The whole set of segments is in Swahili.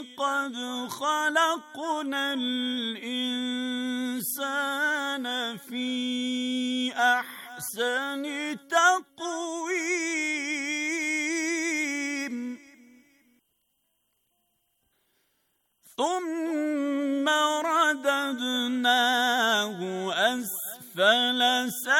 لقد خلقنا الإنسان في أحسن تقويم ثم رددناه أسفل سبيل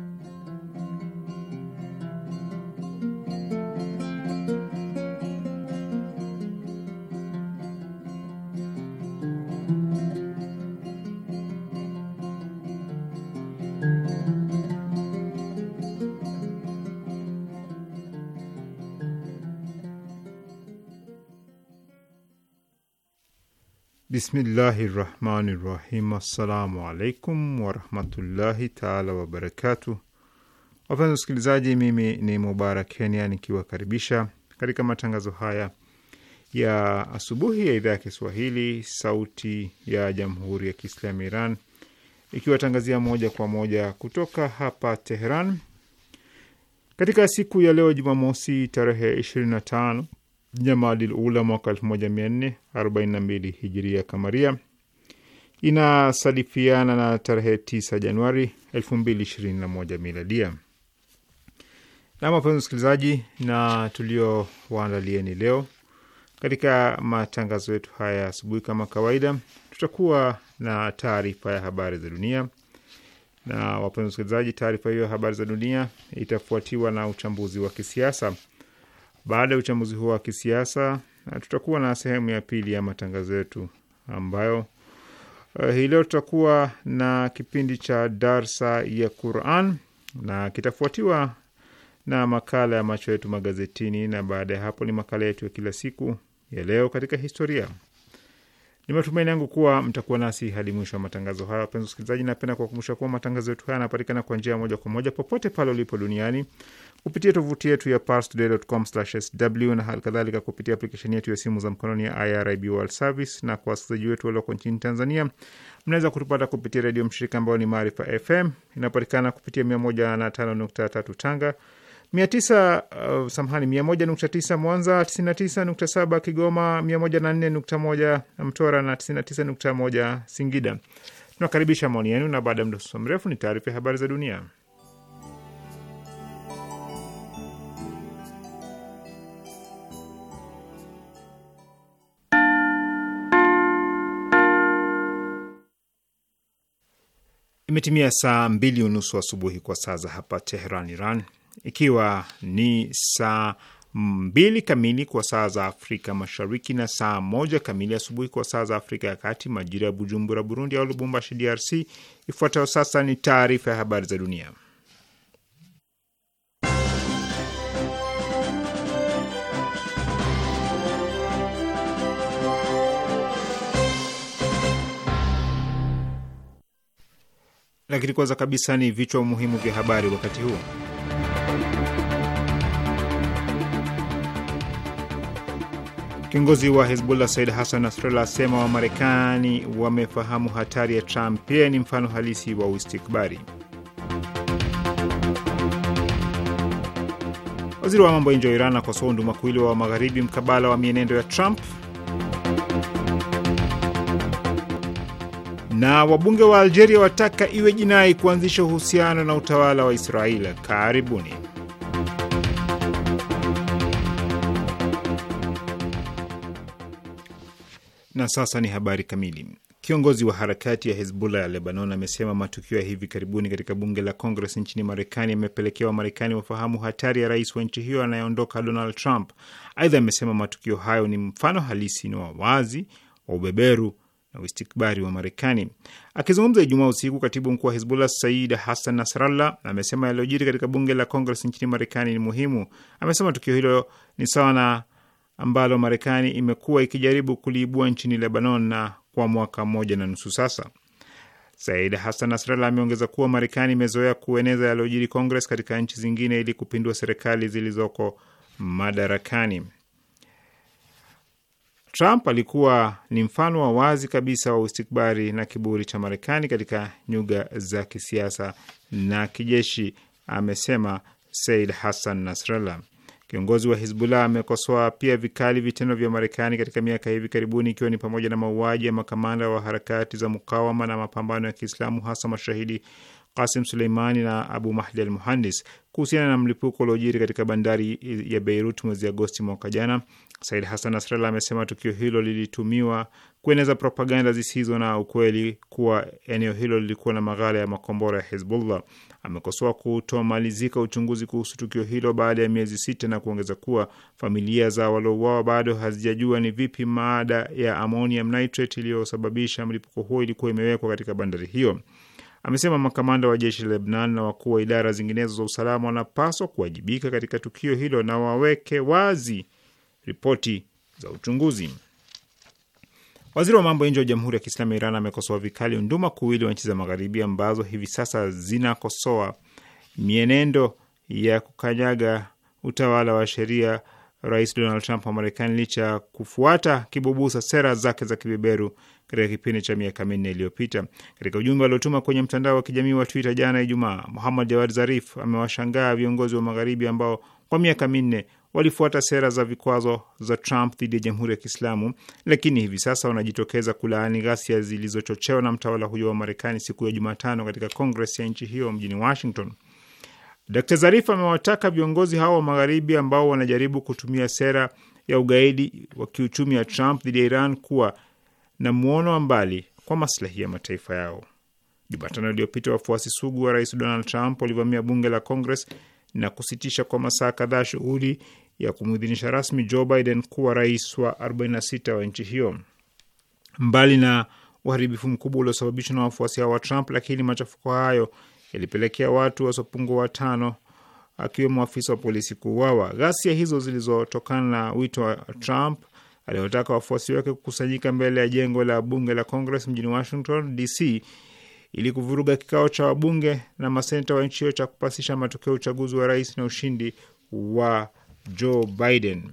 Bismillahi rahmani rahim. Assalamu alaikum warahmatullahi taala wabarakatu. Wapenzi wasikilizaji, mimi ni Mubarak Kenya nikiwakaribisha katika matangazo haya ya asubuhi ya idhaa ya Kiswahili sauti ya jamhuri ya Kiislamu Iran ikiwatangazia moja kwa moja kutoka hapa Teheran katika siku ya leo Jumamosi tarehe tano Jamadil Ula mwaka 1442 hijiria kamaria inasadifiana na tarehe 9 Januari 2021 miladia. Na wapenzi msikilizaji, na tulio waandalieni leo katika matangazo yetu haya asubuhi, kama kawaida, tutakuwa na taarifa ya habari za dunia. Na wapenzi msikilizaji, taarifa hiyo ya habari za dunia itafuatiwa na uchambuzi wa kisiasa baada ya uchambuzi huo wa kisiasa, eh, tutakuwa na sehemu ya pili ya matangazo yetu ambayo eh, hii leo tutakuwa na kipindi cha darsa ya Quran na kitafuatiwa na makala ya macho yetu magazetini, na baada ya hapo ni makala yetu ya kila siku ya leo katika historia. Ni matumaini yangu kuwa mtakuwa nasi hadi mwisho wa matangazo haya. Wapenzi wasikilizaji, napenda kuwakumbusha kuwa matangazo yetu haya yanapatikana kwa njia moja kwa moja popote pale ulipo duniani kupitia tovuti yetu ya parstoday.com/sw na hali kadhalika kupitia aplikesheni yetu ya simu za mkononi ya IRIB World Service, na kwa wasikilizaji wetu walioko nchini Tanzania, mnaweza kutupata kupitia redio mshirika ambayo ni Maarifa FM, inapatikana kupitia 105.3 Tanga mia tisa uh, samahani mia moja nukta tisa Mwanza, tisini na tisa nukta saba Kigoma, mia moja na nne nukta moja Mtwara na tisini na tisa nukta moja Singida. Tunakaribisha maoni yenu, na baada ya mdoso mrefu ni taarifa ya habari za dunia. Imetimia saa mbili unusu asubuhi kwa saa za hapa Teheran, Iran, ikiwa ni saa mbili kamili kwa saa za Afrika Mashariki na saa moja kamili asubuhi kwa saa za Afrika ya Kati, majira ya Bujumbura, Burundi, au Lubumbashi, DRC. Ifuatayo sasa ni taarifa ya habari za dunia, lakini kwanza kabisa ni vichwa muhimu vya habari wakati huu. Kiongozi wa Hezbollah Said Hassan Nasrallah asema Wamarekani wamefahamu hatari ya Trump, pia ni mfano halisi wa uistikbari. Waziri wa mambo ya nje wa Iran akosoa undumakuwili wa magharibi mkabala wa mienendo ya Trump. Na wabunge wa Algeria wataka iwe jinai kuanzisha uhusiano na utawala wa Israeli. Karibuni. Na sasa ni habari kamili. Kiongozi wa harakati ya Hezbollah ya Lebanon amesema matukio ya hivi karibuni katika bunge la Congress nchini Marekani yamepelekea Wamarekani wafahamu hatari ya rais wa nchi hiyo anayeondoka Donald Trump. Aidha, amesema matukio hayo ni mfano halisi na wawazi wa ubeberu na uistikbari wa Marekani. Akizungumza Ijumaa usiku, katibu mkuu wa Hizbullah Said Hassan Nasrallah amesema yaliyojiri katika bunge la Congress nchini Marekani ni muhimu. Amesema tukio hilo ni sawa na ambalo Marekani imekuwa ikijaribu kuliibua nchini Lebanon na kwa mwaka mmoja na nusu sasa. Said Hassan Nasrallah ameongeza kuwa Marekani imezoea kueneza yaliyojiri Kongres katika nchi zingine ili kupindua serikali zilizoko madarakani. Trump alikuwa ni mfano wa wazi kabisa wa ustikbari na kiburi cha Marekani katika nyuga za kisiasa na kijeshi, amesema Said Hassan Nasrallah. Kiongozi wa Hizbullah amekosoa pia vikali vitendo vya Marekani katika miaka hivi karibuni, ikiwa ni pamoja na mauaji ya makamanda wa harakati za mukawama na mapambano ya Kiislamu, hasa mashahidi Qasim Suleimani na Abu Mahdi al Muhandis. Kuhusiana na mlipuko uliojiri katika bandari ya Beirut mwezi Agosti mwaka jana, Said Hassan Nasrallah amesema tukio hilo lilitumiwa kueneza propaganda zisizo na ukweli kuwa eneo hilo lilikuwa na maghala ya makombora ya Hizbullah. Amekosoa kutomalizika uchunguzi kuhusu tukio hilo baada ya miezi sita na kuongeza kuwa familia za waliouawa bado hazijajua ni vipi maada ya ammonium nitrate iliyosababisha mlipuko huo ilikuwa imewekwa katika bandari hiyo. Amesema makamanda wa jeshi la Lebnan na wakuu wa idara zinginezo za usalama wanapaswa kuwajibika katika tukio hilo na waweke wazi ripoti za uchunguzi. Waziri wa mambo ya nje wa Jamhuri ya Kiislamu ya Iran amekosoa vikali unduma kuwili wa nchi za Magharibi ambazo hivi sasa zinakosoa mienendo ya kukanyaga utawala wa sheria Rais Donald Trump wa Marekani licha ya kufuata kibubusa sera zake za kibeberu katika kipindi cha miaka minne iliyopita. Katika ujumbe aliotuma kwenye mtandao wa kijamii wa Twitter jana Ijumaa, Muhammad Jawad Zarif amewashangaa viongozi wa Magharibi ambao kwa miaka minne walifuata sera za vikwazo za Trump dhidi ya Jamhuri ya Kiislamu, lakini hivi sasa wanajitokeza kulaani ghasia zilizochochewa na mtawala huyo wa Marekani siku ya Jumatano katika Kongres ya nchi hiyo mjini Washington. Dr Zarif amewataka viongozi hao wa Magharibi ambao wanajaribu kutumia sera ya ugaidi wa kiuchumi ya Trump dhidi ya Iran kuwa na mwono wa mbali kwa maslahi ya mataifa yao. Jumatano iliyopita wafuasi sugu wa rais Donald Trump walivamia bunge la Kongres na kusitisha kwa masaa kadhaa shughuli ya kumwidhinisha rasmi Joe Biden kuwa rais wa 46 wa nchi hiyo. Mbali na uharibifu mkubwa uliosababishwa na wafuasi hao wa Trump, lakini machafuko hayo yalipelekea watu wasiopungua watano akiwemo afisa wa polisi kuuawa. Ghasia hizo zilizotokana na wito wa Trump aliyotaka wafuasi wake kukusanyika mbele ya jengo la bunge la Congress mjini Washington DC ili kuvuruga kikao cha wabunge na maseneta wa nchi hiyo cha kupasisha matokeo ya uchaguzi wa rais na ushindi wa Joe Biden.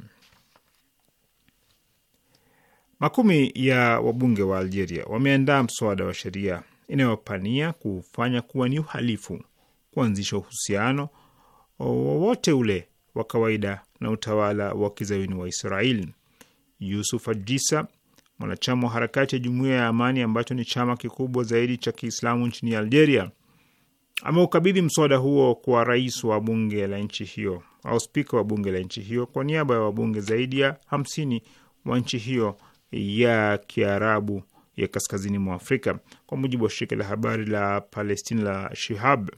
Makumi ya wabunge wa Algeria wameandaa mswada wa sheria inayopania kufanya kuwa ni uhalifu kuanzisha uhusiano wowote ule wa kawaida na utawala wa kizayuni wa Israeli. Yusuf Ajisa, mwanachama wa harakati ya Jumuiya ya Amani ambacho ni chama kikubwa zaidi cha Kiislamu nchini Algeria, ameukabidhi mswada huo kwa rais wa bunge la nchi hiyo au spika wa bunge la nchi hiyo kwa niaba ya wabunge zaidi ya hamsini wa nchi hiyo ya Kiarabu ya kaskazini mwa Afrika. Kwa mujibu wa shirika la habari la Palestina la Shihab,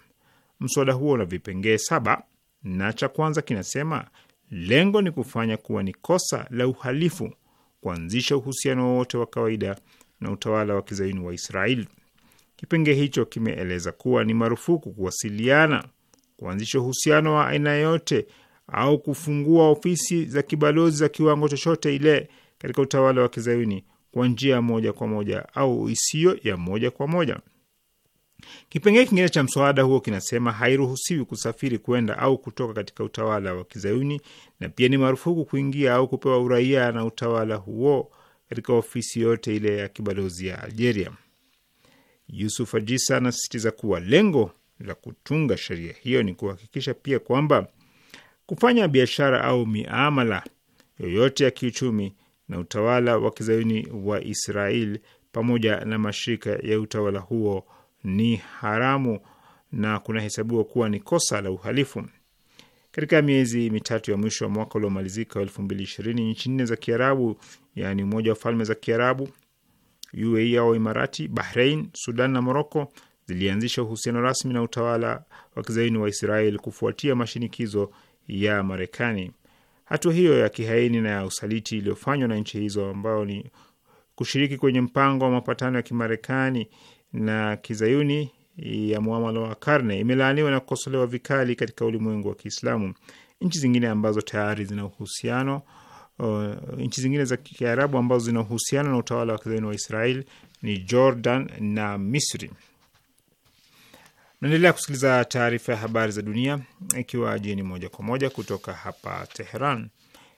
mswada huo una vipengee saba na cha kwanza kinasema lengo ni kufanya kuwa ni kosa la uhalifu kuanzisha uhusiano wowote wa kawaida na utawala wa kizayuni wa Israeli. Kipenge hicho kimeeleza kuwa ni marufuku kuwasiliana, kuanzisha uhusiano wa aina yote au kufungua ofisi za kibalozi za kiwango chochote ile katika utawala wa kizayuni kwa njia moja kwa moja au isiyo ya moja kwa moja. Kipengee kingine cha mswada huo kinasema hairuhusiwi kusafiri kwenda au kutoka katika utawala wa kizayuni na pia ni marufuku kuingia au kupewa uraia na utawala huo katika ofisi yote ile ya kibalozi ya Algeria. Yusuf Ajisa anasisitiza kuwa lengo la kutunga sheria hiyo ni kuhakikisha pia kwamba kufanya biashara au miamala yoyote ya kiuchumi na utawala wa kizayuni wa Israel pamoja na mashirika ya utawala huo ni haramu na kunahesabiwa kuwa ni kosa la uhalifu. Katika miezi mitatu ya mwisho wa mwaka uliomalizika wa elfu mbili ishirini, nchi nne za Kiarabu yaani Umoja wa Falme za Kiarabu, UAE au Imarati, Bahrein, Sudan na Moroko zilianzisha uhusiano rasmi na utawala wa kizaini wa Israel kufuatia mashinikizo ya Marekani. Hatua hiyo ya kihaini na ya usaliti iliyofanywa na nchi hizo ambayo ni kushiriki kwenye mpango wa mapatano ya Kimarekani na kizayuni ya muamala wa karne imelaaniwa na kukosolewa vikali katika ulimwengu wa Kiislamu. Nchi zingine ambazo tayari zina uhusiano uh, nchi zingine za Kiarabu ambazo zina uhusiano na utawala wa kizayuni wa Israel ni Jordan na Misri. Naendelea kusikiliza taarifa ya habari za dunia ikiwa jini moja kwa moja kutoka hapa Teheran,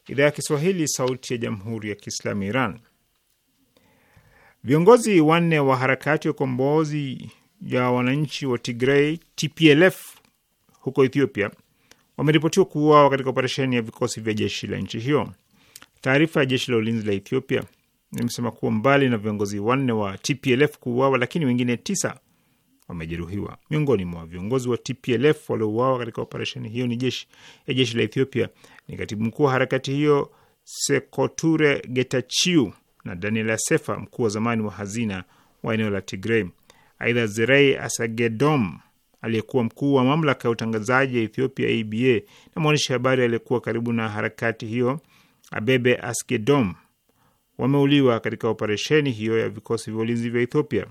idhaa ya Kiswahili, sauti ya jamhuri ya Kiislamu Iran. Viongozi wanne wa harakati ya ukombozi ya wananchi wa Tigrei TPLF huko Ethiopia wameripotiwa kuuawa katika operesheni ya vikosi vya jeshi la nchi hiyo. Taarifa ya jeshi la ulinzi la Ethiopia imesema kuwa mbali na viongozi wanne wa TPLF kuuawa, lakini wengine tisa wamejeruhiwa. Miongoni mwa viongozi wa TPLF waliouawa katika operesheni hiyo ni jeshi ya jeshi la Ethiopia ni katibu mkuu wa harakati hiyo Sekoture Getachew na Daniel Asefa, mkuu wa zamani wa hazina wa eneo la Tigrei. Aidha, Zerei Asagedom aliyekuwa mkuu wa mamlaka ya utangazaji ya Ethiopia ABA na mwandishi habari aliyekuwa karibu na harakati hiyo Abebe Asgedom wameuliwa katika operesheni hiyo ya vikosi vya ulinzi vya Ethiopia.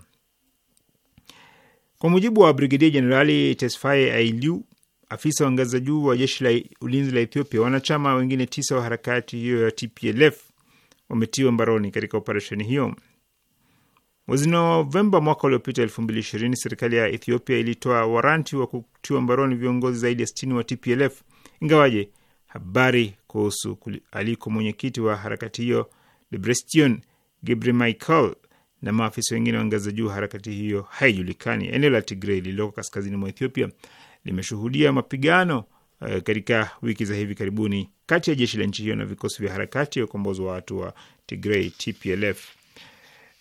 Kwa mujibu wa Brigedia Jenerali Tesfaye ailu afisa wa ngazi za juu wa jeshi la ulinzi la Ethiopia, wanachama wengine tisa wa harakati hiyo ya TPLF wametiwa mbaroni katika operesheni hiyo. Mwezi Novemba mwaka uliopita 220 serikali ya Ethiopia ilitoa waranti wa kutiwa mbaroni viongozi zaidi ya 60 wa TPLF, ingawaje habari kuhusu aliko mwenyekiti wa harakati hiyo Debretsion Michael na maafisa wengine wa ngazi za juu harakati hiyo haijulikani. Eneo la Tigrei lililoko kaskazini mwa Ethiopia limeshuhudia mapigano Eh, katika wiki za hivi karibuni kati ya jeshi la nchi hiyo na vikosi vya harakati ya ukombozi wa watu wa Tigray TPLF.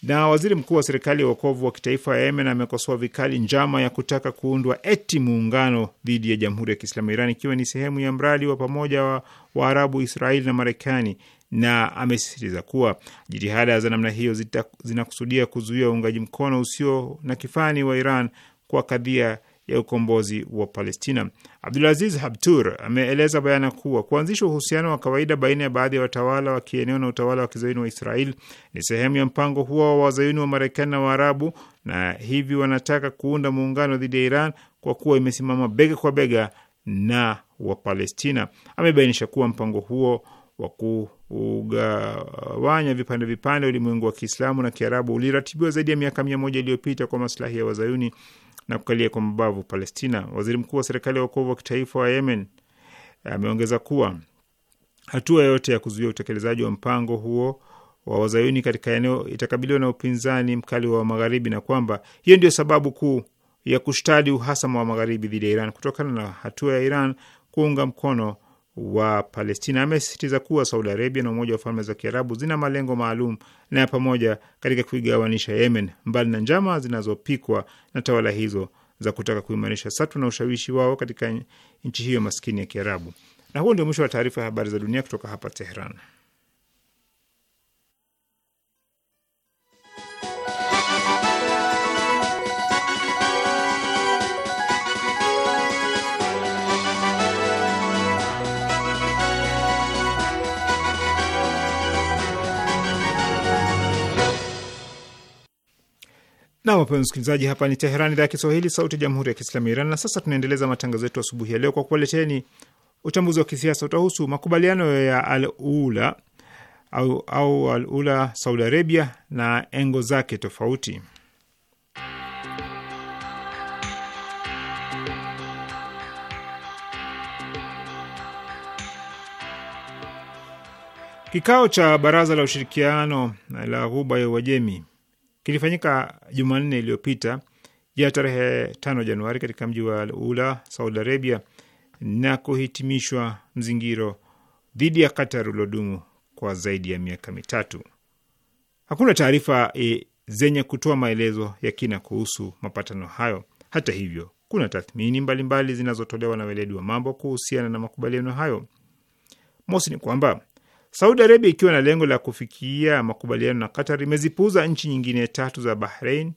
Na waziri mkuu wa serikali ya uokovu wa kitaifa ya Yemen amekosoa vikali njama ya kutaka kuundwa eti muungano dhidi ya jamhuri ya Kiislamu ya Iran ikiwa ni sehemu ya mradi wa pamoja wa Waarabu, Israeli na Marekani, na amesisitiza kuwa jitihada za namna hiyo zinakusudia kuzuia uungaji mkono usio na kifani wa Iran kwa kadhia ya ukombozi wa Palestina. Abdulaziz Habtur ameeleza bayana kuwa kuanzisha uhusiano wa kawaida baina ya baadhi ya watawala wa kieneo na utawala wa kizayuni wa Israel ni sehemu ya mpango huo wa wazayuni wa Marekani na Waarabu, na hivi wanataka kuunda muungano dhidi ya Iran kwa kuwa imesimama bega kwa bega na Wapalestina. Amebainisha kuwa mpango huo wa kugawanya vipande vipande ulimwengu wa Kiislamu na Kiarabu uliratibiwa zaidi ya miaka mia moja iliyopita kwa maslahi ya wazayuni na kukalia kwa mabavu Palestina. Waziri mkuu wa serikali ya wokovu wa kitaifa wa Yemen ameongeza kuwa hatua yoyote ya kuzuia utekelezaji wa mpango huo wa wazayuni katika eneo itakabiliwa na upinzani mkali wa magharibi na kwamba hiyo ndio sababu kuu ya kushtadi uhasama wa magharibi dhidi ya Iran kutokana na hatua ya Iran kuunga mkono wa Palestina. Amesisitiza kuwa Saudi Arabia na Umoja wa Falme za Kiarabu zina malengo maalum na ya pamoja katika kuigawanisha Yemen, mbali na njama zinazopikwa na tawala hizo za kutaka kuimarisha satu na ushawishi wao katika nchi hiyo maskini ya Kiarabu. Na huo ndio mwisho wa taarifa ya habari za dunia kutoka hapa teheran Na wapenzi msikilizaji, hapa ni Teherani, idhaa ya Kiswahili, sauti ya jamhuri ya kiislamu ya Iran. Na sasa tunaendeleza matangazo yetu asubuhi ya leo kwa kuwaleteni uchambuzi wa kisiasa. Utahusu makubaliano ya Alula au, au ula Saudi Arabia na engo zake tofauti. Kikao cha baraza la ushirikiano la ghuba ya Uajemi kilifanyika Jumanne iliyopita ya tarehe 5 Januari katika mji wa Ula, Saudi Arabia, na kuhitimishwa mzingiro dhidi ya Qatar uliodumu kwa zaidi ya miaka mitatu. Hakuna taarifa e, zenye kutoa maelezo ya kina kuhusu mapatano hayo. Hata hivyo, kuna tathmini mbalimbali zinazotolewa na weledi wa mambo kuhusiana na makubaliano hayo. Mosi ni kwamba Saudi Arabia ikiwa na lengo la kufikia makubaliano na Qatar imezipuuza nchi nyingine tatu za Bahrain,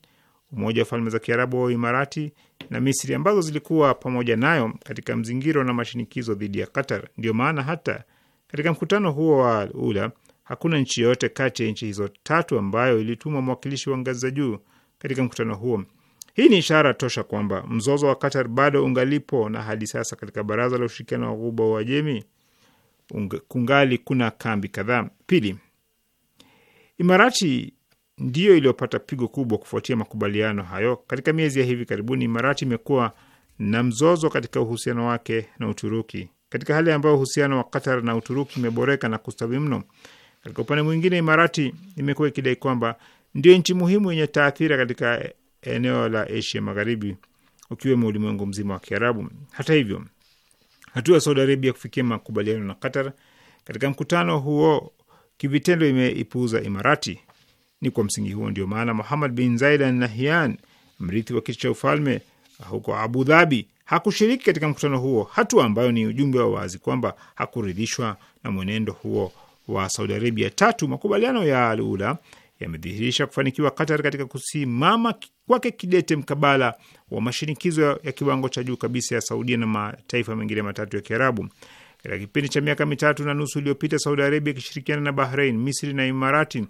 Umoja wa Falme za Kiarabu wa Imarati na Misri ambazo zilikuwa pamoja nayo katika mzingiro na mashinikizo dhidi ya Qatar. ndio maana hata katika mkutano huo wa ula hakuna nchi yoyote kati ya nchi hizo tatu ambayo ilituma mwakilishi wa ngazi za juu katika mkutano huo. Hii ni ishara tosha kwamba mzozo wa Qatar bado ungalipo na hadi sasa katika Baraza la Ushirikiano wa Ghuba wa Uajemi kungali kuna kambi kadhaa. Pili, Imarati ndiyo iliyopata pigo kubwa kufuatia makubaliano hayo. Katika miezi ya hivi karibuni, Imarati imekuwa na mzozo katika uhusiano wake na Uturuki, katika hali ambayo uhusiano wa Qatar na Uturuki imeboreka na kustawi mno. Katika upande mwingine, Imarati imekuwa ikidai kwamba ndio nchi muhimu yenye taathira katika eneo la Asia Magharibi, ukiwemo ulimwengu mzima wa Kiarabu. Hata hivyo, Hatua ya Saudi Arabia kufikia makubaliano na Qatar katika mkutano huo kivitendo imeipuuza Imarati. Ni kwa msingi huo ndio maana Muhammad bin Zaid Al Nahyan, mrithi wa kiti cha ufalme huko Abu Dhabi, hakushiriki katika mkutano huo, hatua ambayo ni ujumbe wa wazi kwamba hakuridhishwa na mwenendo huo wa Saudi Arabia. Tatu, makubaliano ya Alula yamedhihirisha kufanikiwa Qatar katika kusimama kwake kidete mkabala wa mashinikizo ya kiwango cha juu kabisa ya Saudia na mataifa mengine matatu ya Kiarabu. Katika kipindi cha miaka mitatu na nusu iliyopita, Saudi Arabia ikishirikiana na Bahrain, Misri na Imarati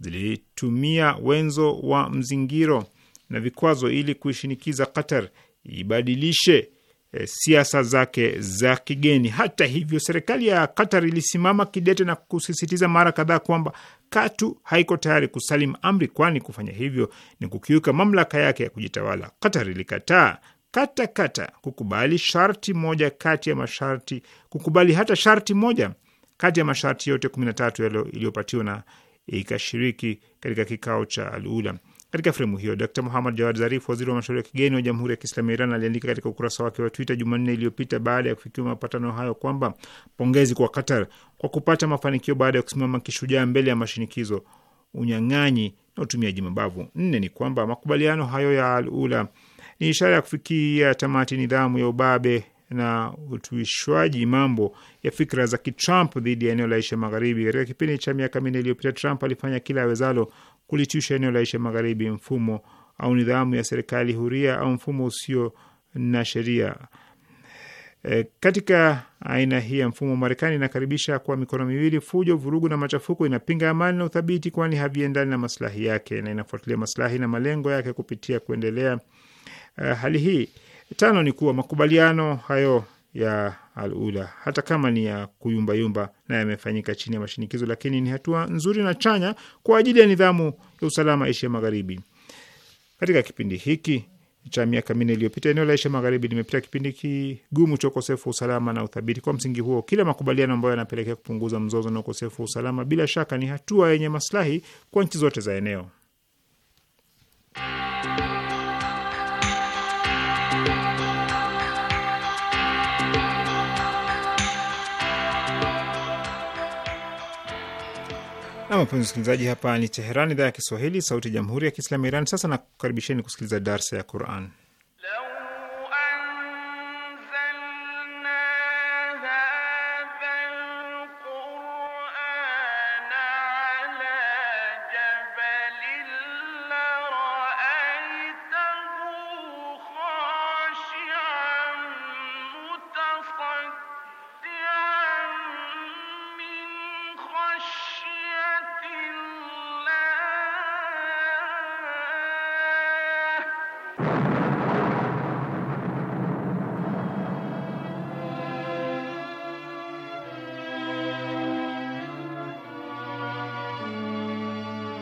zilitumia wenzo wa mzingiro na vikwazo ili kuishinikiza Qatar ibadilishe e, siasa zake za kigeni. Hata hivyo, serikali ya Qatar ilisimama kidete na kusisitiza mara kadhaa kwamba katu haiko tayari kusalim amri, kwani kufanya hivyo ni kukiuka mamlaka yake ya kujitawala. Qatar ilikataa kata kata kukubali sharti moja kati ya masharti kukubali hata sharti moja kati ya masharti yote kumi na tatu yaliyopatiwa na ikashiriki katika kikao cha Alula katika fremu hiyo, Dr Muhamad Jawad Zarif, waziri wa mashauri ya kigeni wa Jamhuri ya Kiislamu ya Iran, aliandika katika ukurasa wake wa Twitter Jumanne iliyopita baada ya kufikiwa mapatano hayo kwamba pongezi kwa Qatar kwa kupata mafanikio baada ya kusimama kishujaa mbele ya mashinikizo, unyang'anyi na utumiaji mabavu. Nne ni kwamba makubaliano hayo ya Al Ula ni ishara ya kufikia tamati nidhamu ya ubabe na utuishwaji mambo ya fikra za kitrump dhidi ya eneo la Asia Magharibi. Katika kipindi cha miaka minne iliyopita, Trump alifanya kila awezalo kulitisha eneo la Asia Magharibi, mfumo au nidhamu ya serikali huria au mfumo usio na sheria. E, katika aina hii ya mfumo Marekani inakaribisha kwa mikono miwili fujo, vurugu na machafuko, inapinga amani na uthabiti, kwani haviendani na maslahi yake, na inafuatilia maslahi na malengo yake kupitia kuendelea uh, hali hii Tano ni kuwa makubaliano hayo ya Alula hata kama ni ya kuyumbayumba na yamefanyika chini ya mashinikizo, lakini ni hatua nzuri na chanya kwa ajili ya nidhamu ya usalama Asia Magharibi. Katika kipindi hiki cha miaka minne iliyopita, eneo la Asia Magharibi limepita kipindi kigumu cha ukosefu wa usalama na uthabiti. Kwa msingi huo, kila makubaliano ambayo yanapelekea kupunguza mzozo na ukosefu wa usalama, bila shaka, ni hatua yenye maslahi kwa nchi zote za eneo. na wapenzi msikilizaji, hapa ni Teheran, idhaa ya Kiswahili, sauti ya jamhuri ya kiislamu ya Iran. Sasa nakukaribisheni kusikiliza darsa ya Quran.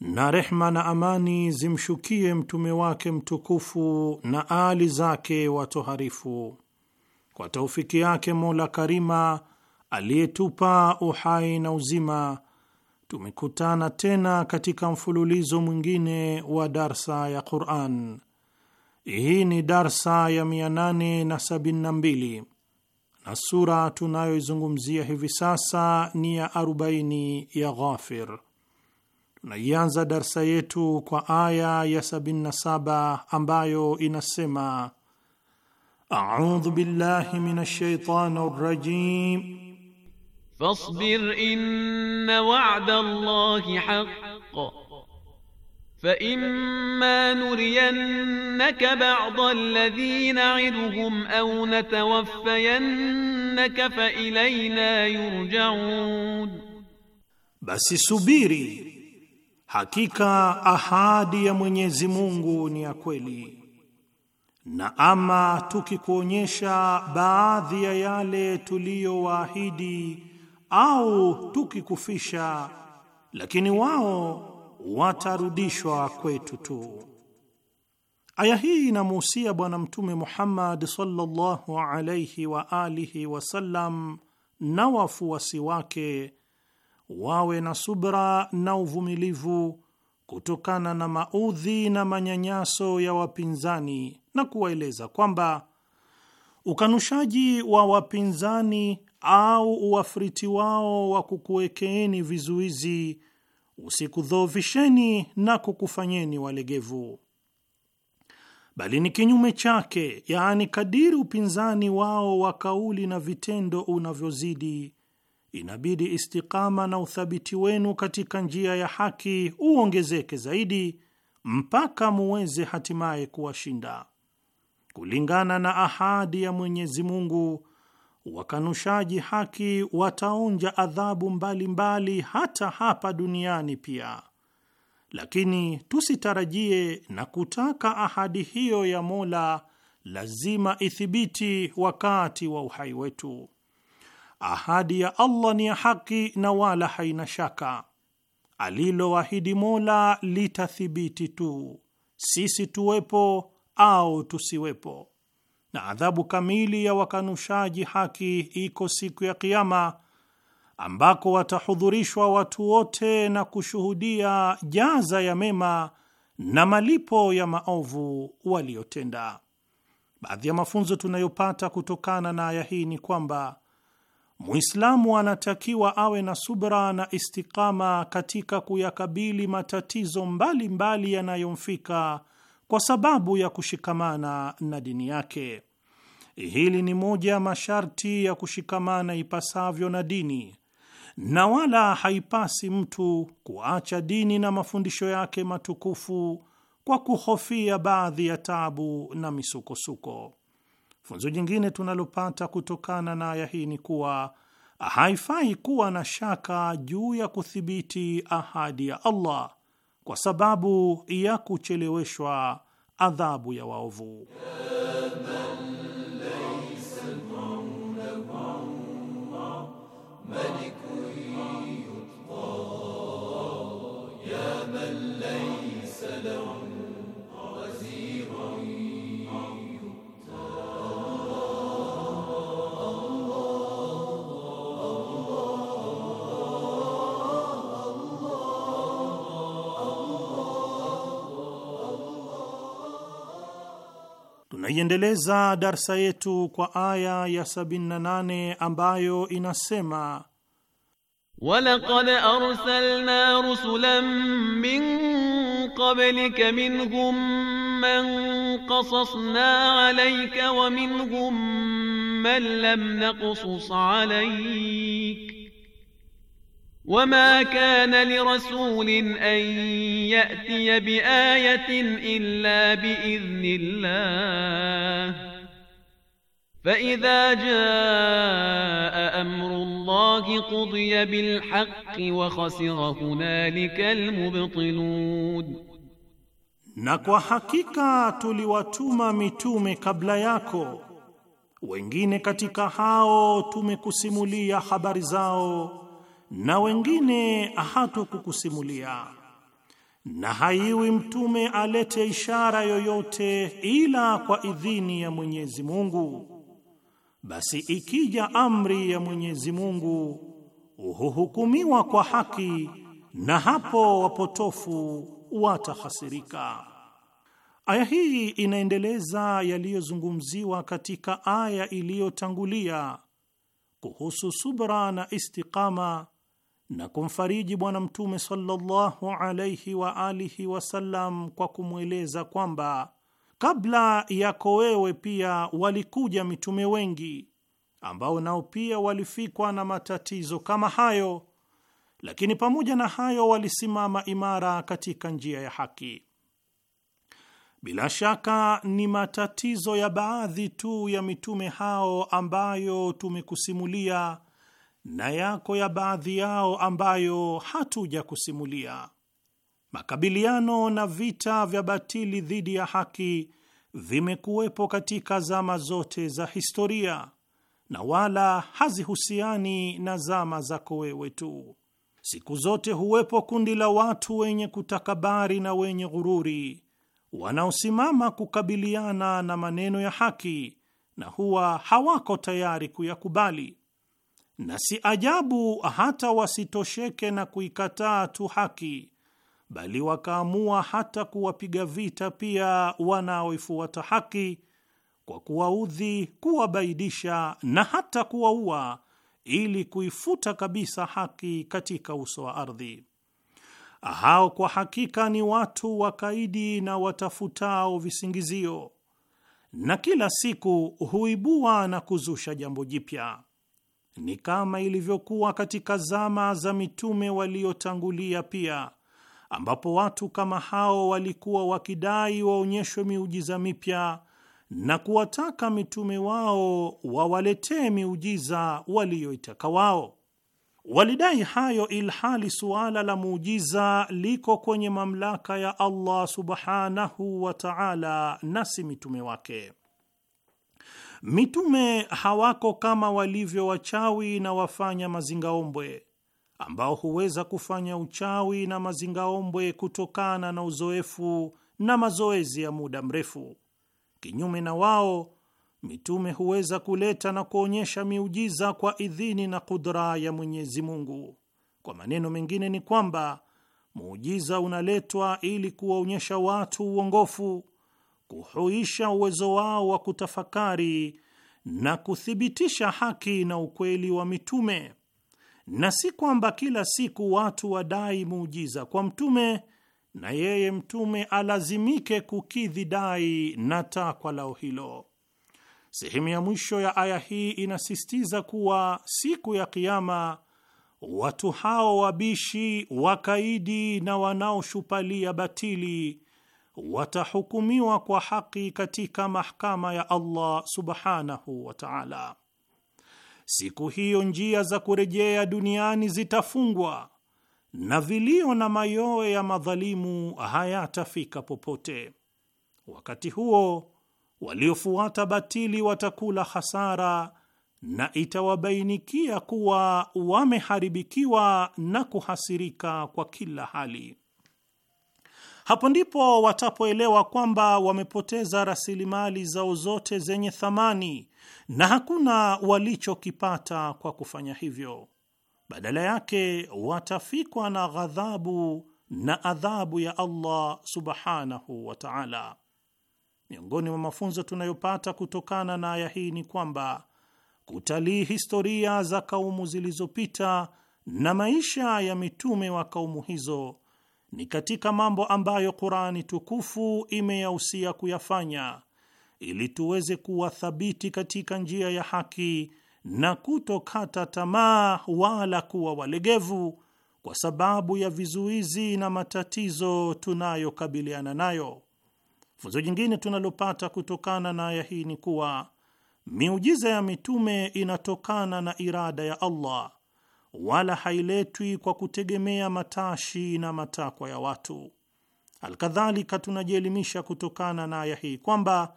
na rehma na amani zimshukie mtume wake mtukufu na aali zake watoharifu. Kwa taufiki yake Mola Karima aliyetupa uhai na uzima, tumekutana tena katika mfululizo mwingine wa darsa ya Quran. Hii ni darsa ya 872 na sura tunayoizungumzia hivi sasa ni ya 40 ya Ghafir. Tunaianza darsa yetu kwa aya ya 77 ambayo inasema: audhu billahi minash shaitani rajim fasbir inna wa'da Allahi haqq fa imma nuriyannaka ba'da alladhi na'iduhum aw natawaffayannaka fa ilayna yurja'un, basi subiri Hakika ahadi ya Mwenyezi Mungu ni ya kweli, na ama tukikuonyesha baadhi ya yale tuliyowaahidi au tukikufisha, lakini wao watarudishwa kwetu tu. Aya hii inamuhusia Bwana Mtume Muhammad sallallahu alayhi wa alihi wasallam na wafuasi wake wawe na subra na uvumilivu kutokana na maudhi na manyanyaso ya wapinzani na kuwaeleza kwamba ukanushaji wa wapinzani au uafriti wao wa kukuwekeeni vizuizi usikudhoofisheni na kukufanyeni walegevu, bali ni kinyume chake, yaani kadiri upinzani wao wa kauli na vitendo unavyozidi inabidi istikama na uthabiti wenu katika njia ya haki uongezeke zaidi mpaka muweze hatimaye kuwashinda. Kulingana na ahadi ya Mwenyezi Mungu, wakanushaji haki wataonja adhabu mbalimbali mbali hata hapa duniani pia, lakini tusitarajie na kutaka ahadi hiyo ya Mola lazima ithibiti wakati wa uhai wetu ahadi ya Allah ni ya haki na wala haina shaka. Aliloahidi Mola litathibiti tu, sisi tuwepo au tusiwepo. Na adhabu kamili ya wakanushaji haki iko siku ya Kiama, ambako watahudhurishwa watu wote na kushuhudia jaza ya mema na malipo ya maovu waliotenda. Baadhi ya mafunzo tunayopata kutokana na aya hii ni kwamba Mwislamu anatakiwa awe na subra na istikama katika kuyakabili matatizo mbalimbali yanayomfika kwa sababu ya kushikamana na dini yake. Hili ni moja ya masharti ya kushikamana ipasavyo na dini, na wala haipasi mtu kuacha dini na mafundisho yake matukufu kwa kuhofia baadhi ya tabu na misukosuko. Funzo jingine tunalopata kutokana na aya hii ni kuwa haifai kuwa na shaka juu ya kuthibiti ahadi ya Allah kwa sababu ya kucheleweshwa adhabu ya waovu. Tunaiendeleza darsa yetu kwa aya ya 78 ambayo inasema walaqad arsalna rusulan min qablika minhum man qasasna alayka wa minhum man lam naqsus alayka وما كان لرسول أن يأتي بآية إلا بإذن الله فإذا جاء أمر الله قضي بالحق وخسر هنالك المبطلون na kwa hakika tuliwatuma mitume kabla yako wengine katika hao tumekusimulia habari zao na wengine hatukukusimulia na haiwi mtume alete ishara yoyote ila kwa idhini ya Mwenyezi Mungu. Basi ikija amri ya Mwenyezi Mungu huhukumiwa kwa haki, na hapo wapotofu watahasirika. Aya hii inaendeleza yaliyozungumziwa katika aya iliyotangulia kuhusu subra na istiqama na kumfariji Bwana Mtume sallallahu alaihi wa alihi wasallam kwa kumweleza kwamba kabla yako wewe pia walikuja mitume wengi ambao nao pia walifikwa na matatizo kama hayo, lakini pamoja na hayo walisimama imara katika njia ya haki. Bila shaka ni matatizo ya baadhi tu ya mitume hao ambayo tumekusimulia na yako ya baadhi yao ambayo hatujakusimulia. Makabiliano na vita vya batili dhidi ya haki vimekuwepo katika zama zote za historia na wala hazihusiani na zama zako wewe tu. Siku zote huwepo kundi la watu wenye kutakabari na wenye ghururi wanaosimama kukabiliana na maneno ya haki na huwa hawako tayari kuyakubali na si ajabu hata wasitosheke na kuikataa tu haki, bali wakaamua hata kuwapiga vita pia wanaoifuata haki kwa kuwaudhi, kuwabaidisha na hata kuwaua ili kuifuta kabisa haki katika uso wa ardhi. Hao kwa hakika ni watu wakaidi na watafutao visingizio, na kila siku huibua na kuzusha jambo jipya ni kama ilivyokuwa katika zama za mitume waliotangulia pia, ambapo watu kama hao walikuwa wakidai waonyeshwe miujiza mipya na kuwataka mitume wao wawaletee miujiza waliyoitaka wao. Walidai hayo ilhali suala la muujiza liko kwenye mamlaka ya Allah subhanahu wa ta'ala, na si mitume wake. Mitume hawako kama walivyo wachawi na wafanya mazingaombwe ambao huweza kufanya uchawi na mazingaombwe kutokana na uzoefu na mazoezi ya muda mrefu. Kinyume na wao, mitume huweza kuleta na kuonyesha miujiza kwa idhini na kudra ya Mwenyezi Mungu. Kwa maneno mengine ni kwamba muujiza unaletwa ili kuwaonyesha watu uongofu kuhuisha uwezo wao wa kutafakari na kuthibitisha haki na ukweli wa mitume, na si kwamba kila siku watu wadai muujiza kwa mtume na yeye mtume alazimike kukidhi dai na takwa lao hilo. Sehemu ya mwisho ya aya hii inasisitiza kuwa siku ya Kiama watu hao wabishi, wakaidi na wanaoshupalia batili watahukumiwa kwa haki katika mahakama ya Allah subhanahu wa ta'ala. Siku hiyo njia za kurejea duniani zitafungwa na vilio na mayoe ya madhalimu hayatafika popote. Wakati huo waliofuata batili watakula hasara na itawabainikia kuwa wameharibikiwa na kuhasirika kwa kila hali. Hapo ndipo watapoelewa kwamba wamepoteza rasilimali zao zote zenye thamani na hakuna walichokipata kwa kufanya hivyo. Badala yake watafikwa na ghadhabu na adhabu ya Allah subhanahu wa ta'ala. Miongoni mwa mafunzo tunayopata kutokana na aya hii ni kwamba kutalii historia za kaumu zilizopita na maisha ya mitume wa kaumu hizo ni katika mambo ambayo Qurani tukufu imeyahusia kuyafanya ili tuweze kuwa thabiti katika njia ya haki na kutokata tamaa wala kuwa walegevu kwa sababu ya vizuizi na matatizo tunayokabiliana nayo. Funzo jingine tunalopata kutokana na aya hii ni kuwa miujiza ya mitume inatokana na irada ya Allah wala hailetwi kwa kutegemea matashi na matakwa ya watu. Alkadhalika, tunajielimisha kutokana na aya hii kwamba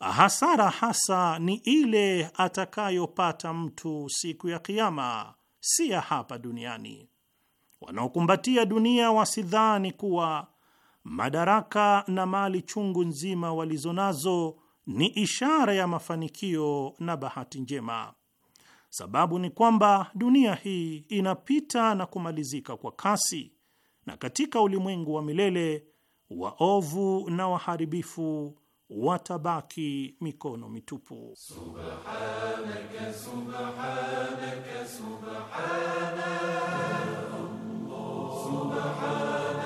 hasara hasa ni ile atakayopata mtu siku ya Kiama, si ya hapa duniani. Wanaokumbatia dunia wasidhani kuwa madaraka na mali chungu nzima walizo nazo ni ishara ya mafanikio na bahati njema. Sababu ni kwamba dunia hii inapita na kumalizika kwa kasi, na katika ulimwengu wa milele waovu na waharibifu watabaki mikono mitupu. Subhanaka, subhanaka, subhanaka, Allah, subhanaka.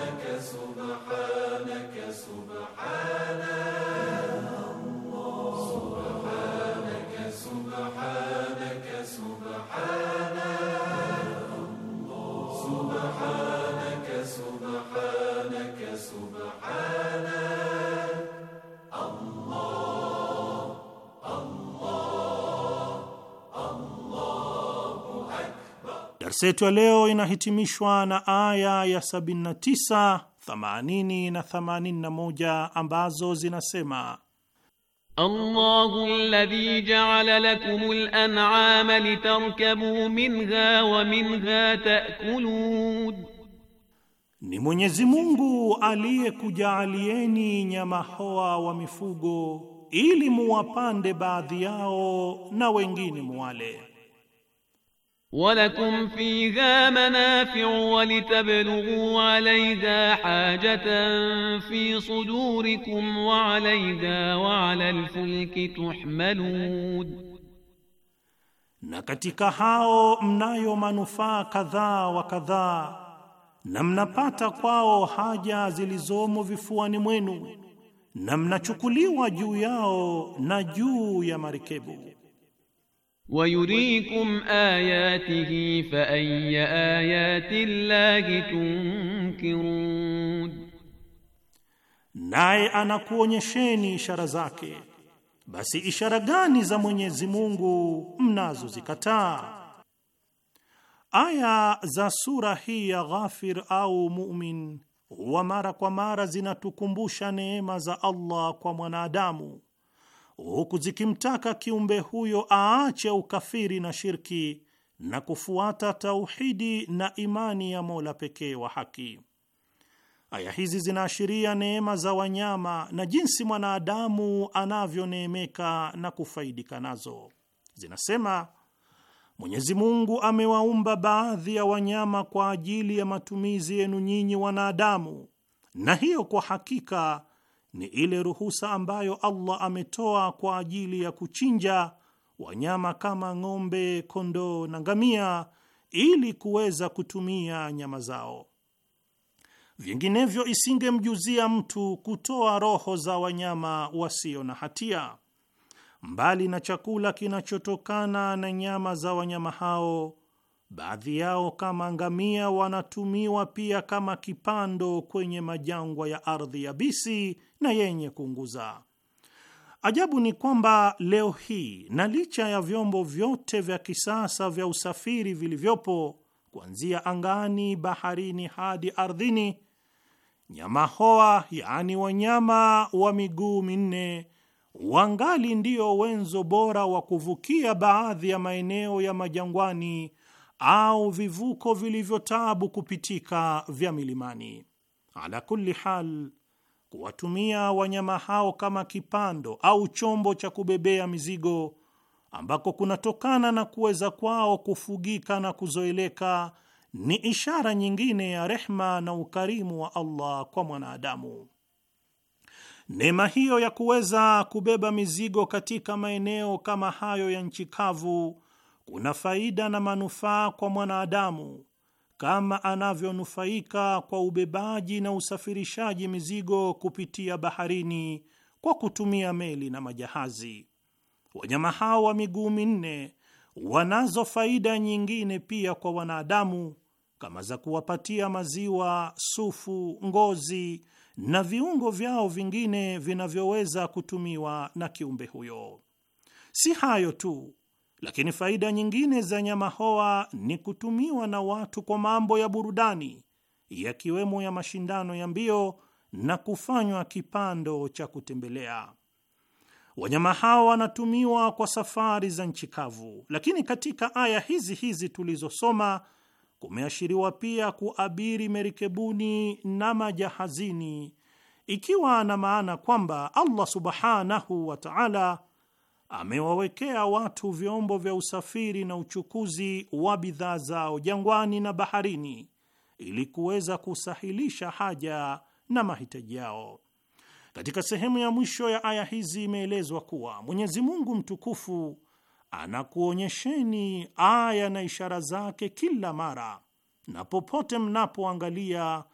Darsa yetu ya leo inahitimishwa na aya ya 79, 80 na 81 ambazo zinasema: Allahu alladhi ja'ala lakumul an'ama litarkabu minha wa minha ta'kulun, ni Mwenyezi Mungu aliyekujaalieni nyama hoa wa mifugo ili muwapande baadhi yao na wengine muwale ولكم فيها منافع ولتبلغوا عليها حاجة في صدوركم وعليها وعلى الفلك تحملون na katika hao mnayo manufaa kadhaa wa kadhaa na mnapata kwao haja zilizomo vifuani mwenu na mnachukuliwa juu yao na juu ya marekebu. ويريكم آياته فأي آيات الله tunkirun, naye anakuonyesheni ishara zake. Basi ishara gani za Mwenyezi Mungu mnazozikataa? Aya za sura hii ya Ghafir au Mumin huwa mara kwa mara zinatukumbusha neema za Allah kwa mwanadamu huku zikimtaka kiumbe huyo aache ukafiri na shirki na kufuata tauhidi na imani ya Mola pekee wa haki. Aya hizi zinaashiria neema za wanyama na jinsi mwanadamu anavyoneemeka na kufaidika nazo. Zinasema Mwenyezi Mungu amewaumba baadhi ya wanyama kwa ajili ya matumizi yenu nyinyi wanadamu, na hiyo kwa hakika ni ile ruhusa ambayo Allah ametoa kwa ajili ya kuchinja wanyama kama ng'ombe, kondoo na ngamia ili kuweza kutumia nyama zao. Vinginevyo isingemjuzia mtu kutoa roho za wanyama wasio na hatia. Mbali na chakula kinachotokana na nyama za wanyama hao, baadhi yao kama ngamia wanatumiwa pia kama kipando kwenye majangwa ya ardhi yabisi na yenye kuunguza. Ajabu ni kwamba leo hii, na licha ya vyombo vyote vya kisasa vya usafiri vilivyopo, kuanzia angani, baharini hadi ardhini, nyama hoa, yaani wanyama wa miguu minne, wangali ndio wenzo bora wa kuvukia baadhi ya maeneo ya majangwani au vivuko vilivyotabu kupitika vya milimani. Ala kulli hal kuwatumia wanyama hao kama kipando au chombo cha kubebea mizigo ambako kunatokana na kuweza kwao kufugika na kuzoeleka ni ishara nyingine ya rehma na ukarimu wa Allah kwa mwanadamu. Neema hiyo ya kuweza kubeba mizigo katika maeneo kama hayo ya nchi kavu kuna faida na manufaa kwa mwanadamu kama anavyonufaika kwa ubebaji na usafirishaji mizigo kupitia baharini kwa kutumia meli na majahazi. Wanyama hao wa miguu minne wanazo faida nyingine pia kwa wanadamu kama za kuwapatia maziwa, sufu, ngozi na viungo vyao vingine vinavyoweza kutumiwa na kiumbe huyo. Si hayo tu, lakini faida nyingine za nyama hoa ni kutumiwa na watu kwa mambo ya burudani, yakiwemo ya mashindano ya mbio na kufanywa kipando cha kutembelea. Wanyama hawa wanatumiwa kwa safari za nchi kavu, lakini katika aya hizi hizi tulizosoma kumeashiriwa pia kuabiri merikebuni na majahazini, ikiwa na maana kwamba Allah subhanahu wa ta'ala amewawekea watu vyombo vya usafiri na uchukuzi wa bidhaa zao jangwani na baharini ili kuweza kusahilisha haja na mahitaji yao. Katika sehemu ya mwisho ya aya hizi imeelezwa kuwa Mwenyezi Mungu mtukufu anakuonyesheni aya na ishara zake kila mara, na popote mnapoangalia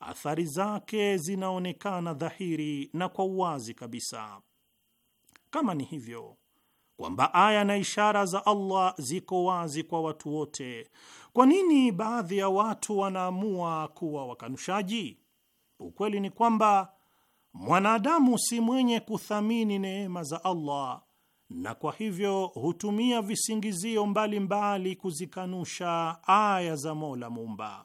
athari zake zinaonekana dhahiri na kwa uwazi kabisa. Kama ni hivyo, kwamba aya na ishara za Allah ziko wazi kwa watu wote, kwa nini baadhi ya watu wanaamua kuwa wakanushaji? Ukweli ni kwamba mwanadamu si mwenye kuthamini neema za Allah na kwa hivyo hutumia visingizio mbalimbali mbali kuzikanusha aya za Mola mumba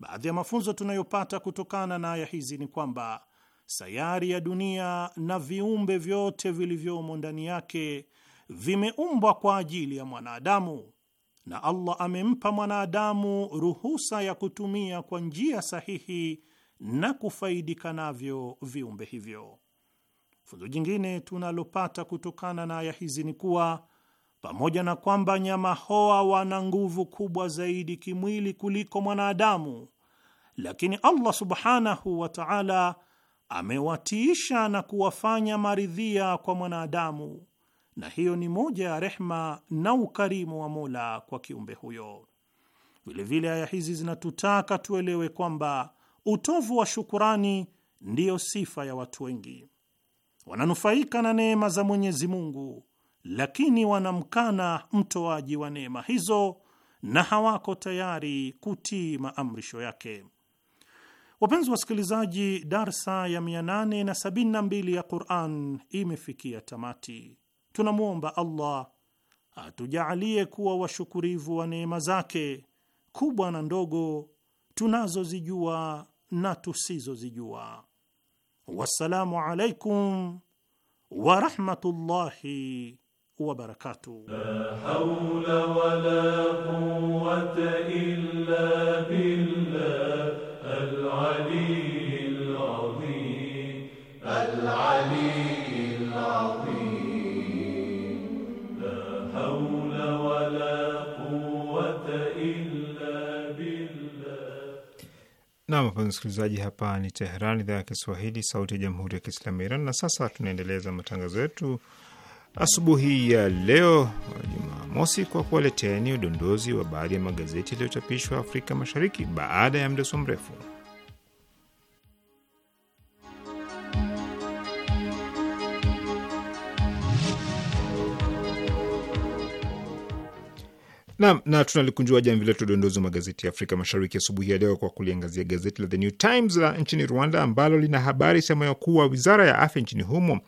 Baadhi ya mafunzo tunayopata kutokana na aya hizi ni kwamba sayari ya dunia na viumbe vyote vilivyomo ndani yake vimeumbwa kwa ajili ya mwanadamu na Allah amempa mwanadamu ruhusa ya kutumia kwa njia sahihi na kufaidika navyo viumbe hivyo. Funzo jingine tunalopata kutokana na aya hizi ni kuwa pamoja na kwamba nyama hoa wana nguvu kubwa zaidi kimwili kuliko mwanadamu, lakini Allah subhanahu wa ta'ala amewatiisha na kuwafanya maridhia kwa mwanadamu na hiyo ni moja ya rehma na ukarimu wa Mola kwa kiumbe huyo. Vilevile aya hizi zinatutaka tuelewe kwamba utovu wa shukurani ndiyo sifa ya watu wengi. Wananufaika na neema za Mwenyezi Mungu, lakini wanamkana mtoaji wa neema hizo na hawako tayari kutii maamrisho yake. Wapenzi wasikilizaji, darsa ya 872 ya Quran imefikia tamati tunamwomba Allah atujaalie kuwa washukurivu wa neema zake kubwa na ndogo tunazozijua na tusizozijua. Wassalamu alaikum warahmatullahi wabarakatuh. La hawla wala quwwata illa billah. Nam wapenzi msikilizaji, hapa ni Teheran, idhaa ya Kiswahili, sauti ya jamhuri ya kiislamu ya Iran. Na sasa tunaendeleza matangazo yetu asubuhi ya leo Jumamosi kwa kuwaleteni udondozi wa baadhi ya magazeti yaliyochapishwa Afrika Mashariki baada ya mdoso mrefu. Naam, na tunalikunjua jamvi letu dondozi wa magazeti ya Afrika Mashariki asubuhi ya leo kwa kuliangazia gazeti la The New Times la nchini Rwanda ambalo lina habari semayo kuwa wizara ya afya nchini humo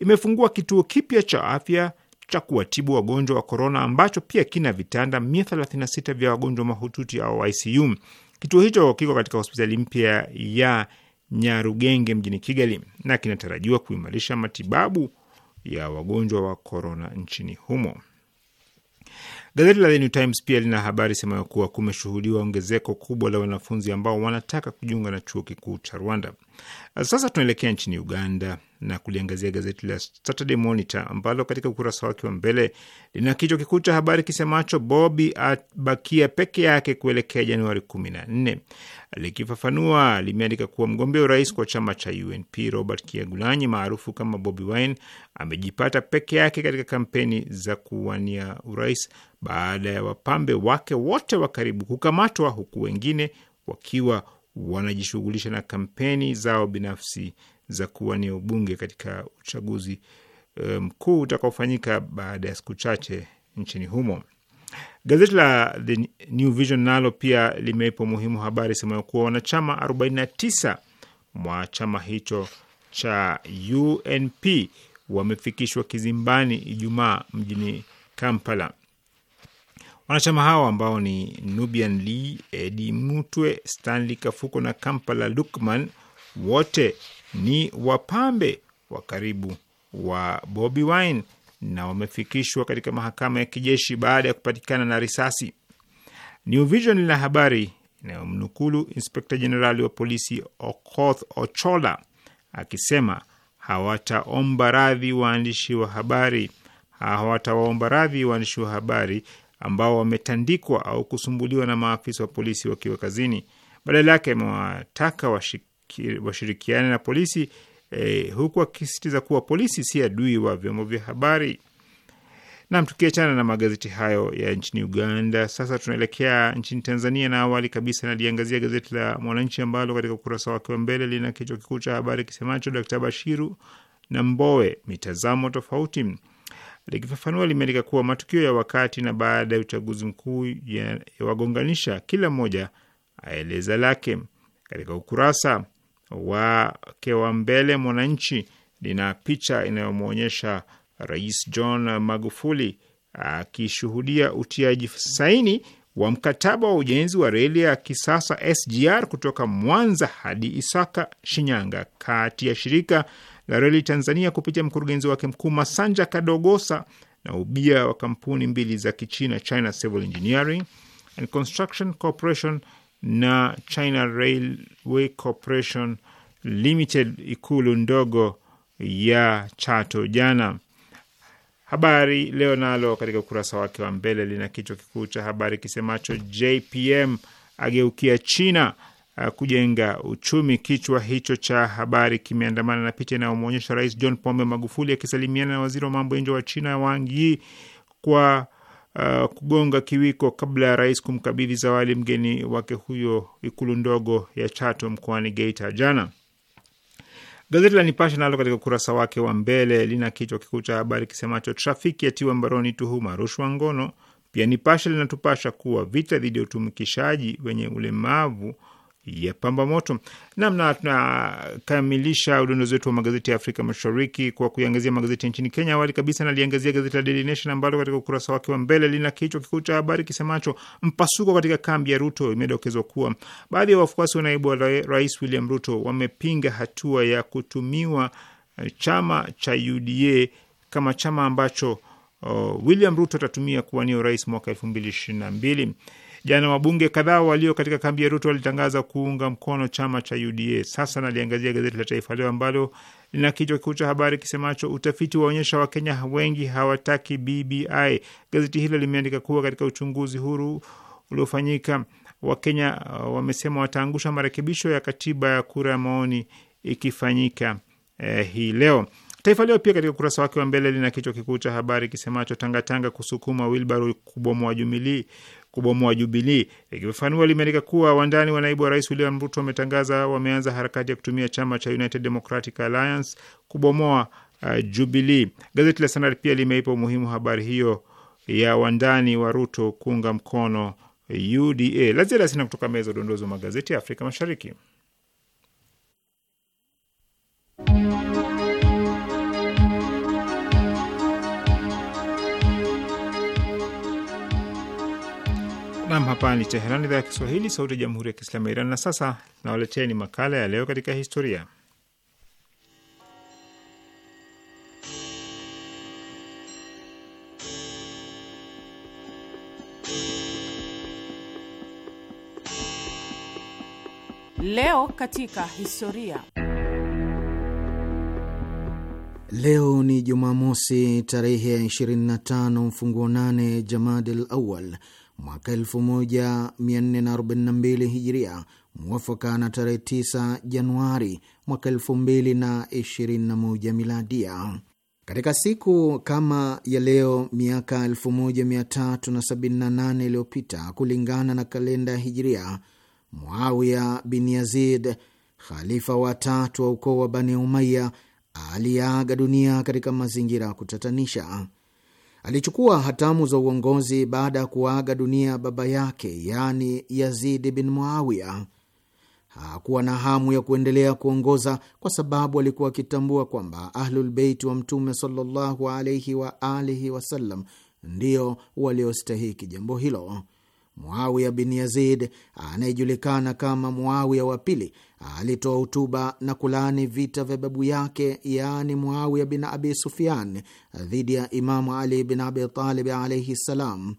imefungua kituo kipya cha afya cha kuwatibu wagonjwa wa korona ambacho pia kina vitanda 136 vya wagonjwa mahututi au ICU. Kituo hicho kiko katika hospitali mpya ya Nyarugenge mjini Kigali na kinatarajiwa kuimarisha matibabu ya wagonjwa wa korona nchini humo. Gazeti la The New Times pia lina habari semayo kuwa kumeshuhudiwa ongezeko kubwa la wanafunzi ambao wanataka kujiunga na chuo kikuu cha Rwanda. Sasa tunaelekea nchini Uganda na kuliangazia gazeti la Saturday Monitor ambalo katika ukurasa wake wa mbele lina kichwa kikuu cha habari kisemacho Bobi abakia peke yake kuelekea Januari 14. Likifafanua, limeandika kuwa mgombea urais kwa chama cha UNP Robert kiagulanyi maarufu kama Bobi Wine amejipata peke yake katika kampeni za kuwania urais baada ya wapambe wake wote wa karibu kukamatwa huku wengine wakiwa wanajishughulisha na kampeni zao binafsi za kuwania ubunge katika uchaguzi eh, mkuu um, utakaofanyika baada ya siku chache nchini humo. Gazeti la The New Vision nalo pia limeipa umuhimu habari semayo kuwa wanachama 49 mwa chama hicho cha UNP wamefikishwa kizimbani Ijumaa mjini Kampala. Wanachama hao ambao ni Nubian Lee, Edi Mutwe, Stanley Kafuko na Kampala Lukman wote ni wapambe wa karibu wa Bobi Wine na wamefikishwa katika mahakama ya kijeshi baada ya kupatikana na risasi. New Vision lina habari inayomnukulu inspekta jenerali wa polisi Okoth Ochola akisema hawataomba radhi waandishi wa habari, hawatawaomba radhi waandishi wa habari ambao wametandikwa au kusumbuliwa na maafisa wa polisi wakiwa kazini. Badala yake amewataka washik washirikiane na polisi eh, huku akisisitiza kuwa polisi si adui wa vyombo vya habari. Nam, tukiachana na magazeti hayo ya nchini Uganda, sasa tunaelekea nchini Tanzania, na awali kabisa naliangazia gazeti la Mwananchi ambalo katika ukurasa wake wa mbele lina kichwa kikuu cha habari kisemacho Dkt Bashiru na Mbowe mitazamo tofauti. Likifafanua, limeandika kuwa matukio ya wakati na baada ya uchaguzi mkuu yawagonganisha, kila mmoja aeleza lake. Katika ukurasa wake wa mbele Mwananchi lina picha inayomwonyesha Rais John Magufuli akishuhudia utiaji saini wa mkataba wa ujenzi wa reli ya kisasa SGR kutoka Mwanza hadi Isaka, Shinyanga, kati ya shirika la reli Tanzania kupitia mkurugenzi wake mkuu Masanja Kadogosa na ubia wa kampuni mbili za Kichina, China Civil Engineering and Construction Corporation na China Railway Corporation Limited ikulu ndogo ya Chato jana. Habari Leo nalo katika ukurasa wake wa mbele lina kichwa kikuu cha habari kisemacho JPM ageukia China uh, kujenga uchumi. Kichwa hicho cha habari kimeandamana na picha inayomwonyesha Rais John Pombe Magufuli akisalimiana na waziri wa mambo ya nje wa China Wang Yi kwa uh, kugonga kiwiko kabla ya rais kumkabidhi zawadi mgeni wake huyo ikulu ndogo ya Chato mkoani Geita jana. Gazeti la Nipashe nalo katika ukurasa wake wa mbele lina kichwa kikuu cha habari kisemacho trafiki yatiwa mbaroni tuhuma rushwa ngono. Pia Nipashe linatupasha kuwa vita dhidi ya utumikishaji wenye ulemavu ya pamba moto. Namna tunakamilisha udondozi wetu wa magazeti ya Afrika Mashariki kwa kuiangazia magazeti nchini Kenya. Awali kabisa, naliangazia gazeti la Daily Nation ambalo katika ukurasa wake wa mbele lina kichwa kikuu cha habari kisemacho mpasuko katika kambi ya Ruto. Imedokezwa kuwa baadhi ya wafuasi wa naibu wa rais William Ruto wamepinga hatua ya kutumiwa eh, chama cha UDA kama chama ambacho uh, William Ruto atatumia kuwania urais mwaka elfu mbili ishirini na mbili. Jana wabunge kadhaa walio katika kambi ya Ruto walitangaza kuunga mkono chama cha UDA. Sasa naliangazia gazeti la Taifa Leo ambalo lina kichwa kikuu cha habari kisemacho utafiti waonyesha Wakenya wengi hawataki BBI. Gazeti hilo limeandika kuwa katika uchunguzi huru uliofanyika, Wakenya uh, wamesema wataangusha marekebisho ya katiba ya kura ya maoni ikifanyika eh, hii leo. Taifa Leo pia katika ukurasa wake wa mbele lina kichwa kikuu cha habari kisemacho tangatanga kusukuma wilbaro kubomoa Jumilii kubomoa Jubilii. Likifafanua, limeandika kuwa wandani wa naibu wa rais William Ruto wametangaza wameanza harakati ya kutumia chama cha United Democratic Alliance kubomoa uh, Jubilii. Gazeti la Standard pia limeipa umuhimu habari hiyo ya wandani wa Ruto kuunga mkono UDA. La ziada sina kutoka meza udondozi wa magazeti ya Afrika Mashariki. Nam, hapa ni Teheran, idhaa ya Kiswahili, sauti ya jamhuri ya kiislamu ya Iran. Na sasa nawaleteni makala ya leo katika historia. Leo katika historia. Leo ni Jumamosi, tarehe ya 25 mfunguo 8 Jamadil Awal mwaka 1442 Hijiria, mwafaka na tarehe 9 Januari mwaka 2021 Miladia. Katika siku kama ya leo miaka 1378 iliyopita kulingana na kalenda ya Hijiria, Muawiya bin Yazid, khalifa wa tatu wa ukoo wa Bani Umaya, aliaga dunia katika mazingira ya kutatanisha. Alichukua hatamu za uongozi baada ya kuaga dunia baba yake, yaani Yazidi bin Muawiya. Hakuwa na hamu ya kuendelea kuongoza kwa sababu alikuwa akitambua kwamba Ahlulbeiti wa Mtume sallallahu alaihi wa alihi wasallam ndio waliostahiki jambo hilo. Muawiya bin Yazid anayejulikana kama Muawiya wa pili alitoa hutuba na kulaani vita vya babu yake yaani Muawiya bin Abi Sufyan dhidi ya Imamu Ali bin Abi Talib alaihi ssalam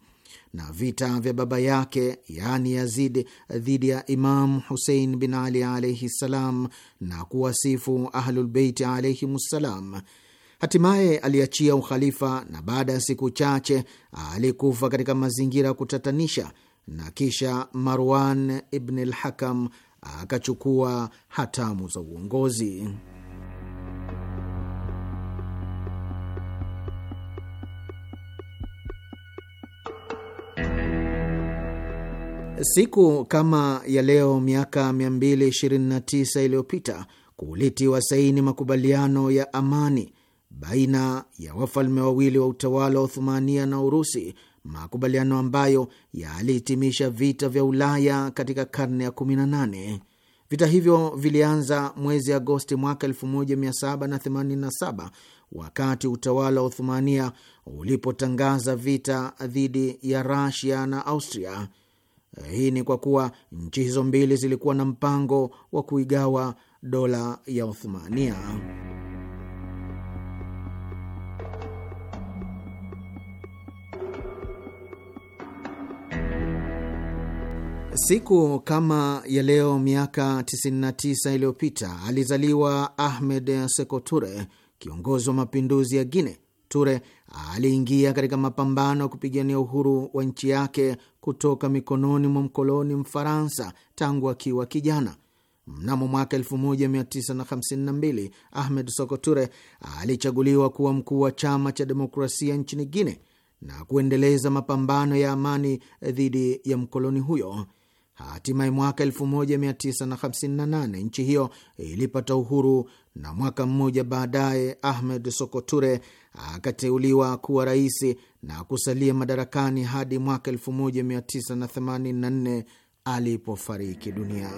na vita vya baba yake yaani Yazid dhidi ya Imamu Husein bin Ali alaihi ssalam na kuwasifu Ahlulbeiti alaihim ssalam. Hatimaye aliachia ukhalifa na baada ya siku chache alikufa katika mazingira ya kutatanisha, na kisha Marwan ibn al akachukua hatamu za uongozi. Siku kama ya leo miaka 229 iliyopita kulitiwa saini makubaliano ya amani baina ya wafalme wawili wa utawala wa Uthumania na Urusi makubaliano ambayo yalihitimisha vita vya Ulaya katika karne ya 18. Vita hivyo vilianza mwezi Agosti mwaka 1787 wakati utawala wa Uthumania ulipotangaza vita dhidi ya Rasia na Austria. Hii ni kwa kuwa nchi hizo mbili zilikuwa na mpango wa kuigawa dola ya Uthumania. Siku kama ya leo miaka 99 iliyopita alizaliwa Ahmed Seko Ture, kiongozi wa mapinduzi ya Guine. Ture aliingia katika mapambano ya kupigania uhuru wa nchi yake kutoka mikononi mwa mkoloni Mfaransa tangu akiwa kijana. Mnamo mwaka 1952 Ahmed sokoture alichaguliwa kuwa mkuu wa chama cha demokrasia nchini Guine na kuendeleza mapambano ya amani dhidi ya mkoloni huyo. Hatimaye mwaka 1958 nchi hiyo ilipata uhuru na mwaka mmoja baadaye Ahmed Sokoture akateuliwa kuwa rais na kusalia madarakani hadi mwaka 1984 alipofariki dunia.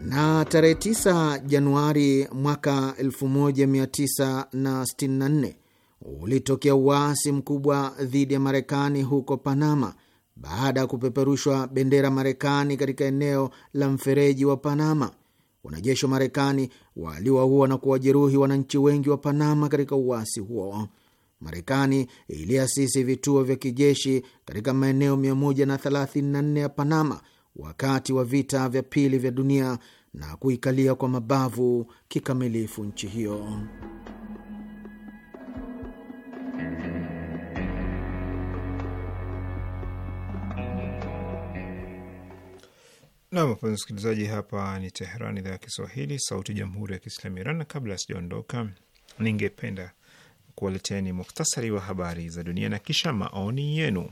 Na tarehe 9 Januari mwaka 1964 ulitokea uasi mkubwa dhidi ya Marekani huko Panama baada ya kupeperushwa bendera Marekani katika eneo la mfereji wa Panama. Wanajeshi wa Marekani waliwaua na kuwajeruhi wananchi wengi wa Panama katika uasi huo. Marekani iliasisi vituo vya kijeshi katika maeneo 134 ya Panama wakati wa vita vya pili vya dunia na kuikalia kwa mabavu kikamilifu nchi hiyo. Nam, wapenzi msikilizaji, hapa ni Teheran, idhaa ya Kiswahili, sauti ya jamhuri ya kiislamu Iran. Na kabla sijaondoka, ningependa kuwaleteni muktasari wa habari za dunia na kisha maoni yenu.